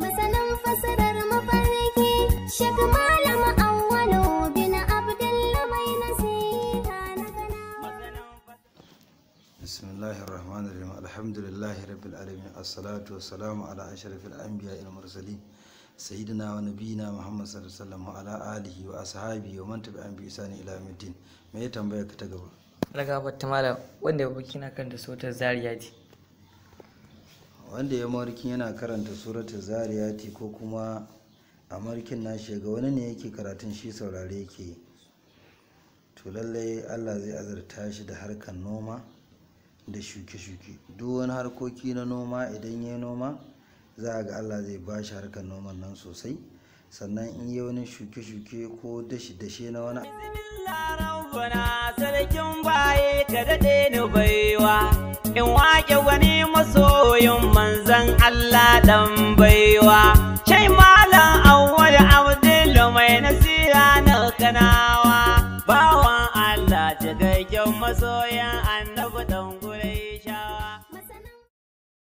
Masanin fasarar mafarki, Shek Malam Awwalo bin Abdullahi mai nasiha na ganawa. Bismillahir muhammad sallallahu alaihi wa Alamin. ala alihi Wa wal wa سيدنا ونبينا محمد صلى ila عليه وسلم وعلى آله وأصحابه ومن تبعهم بإحسان إلى يوم الدين ما يتنبأ كتجربة رقابة تمالا wanda ya mawarkin yana karanta suratu zariyati ko kuma a mawarkin nashi ga wani ne yake karatun shi saurare yake to lallai allah zai azarta shi da harkar noma da shuke-shuke duk wani harkoki na noma idan ya noma za a ga allah zai ba shi harkar noman nan sosai sannan in yi wani shuke-shuke ko dashe-dashe na wani wani masoyin manzan Allah dan baiwa shai malam awwal abdul mai nasira na kanawa bawan Allah jigaggen masoyan annabi dan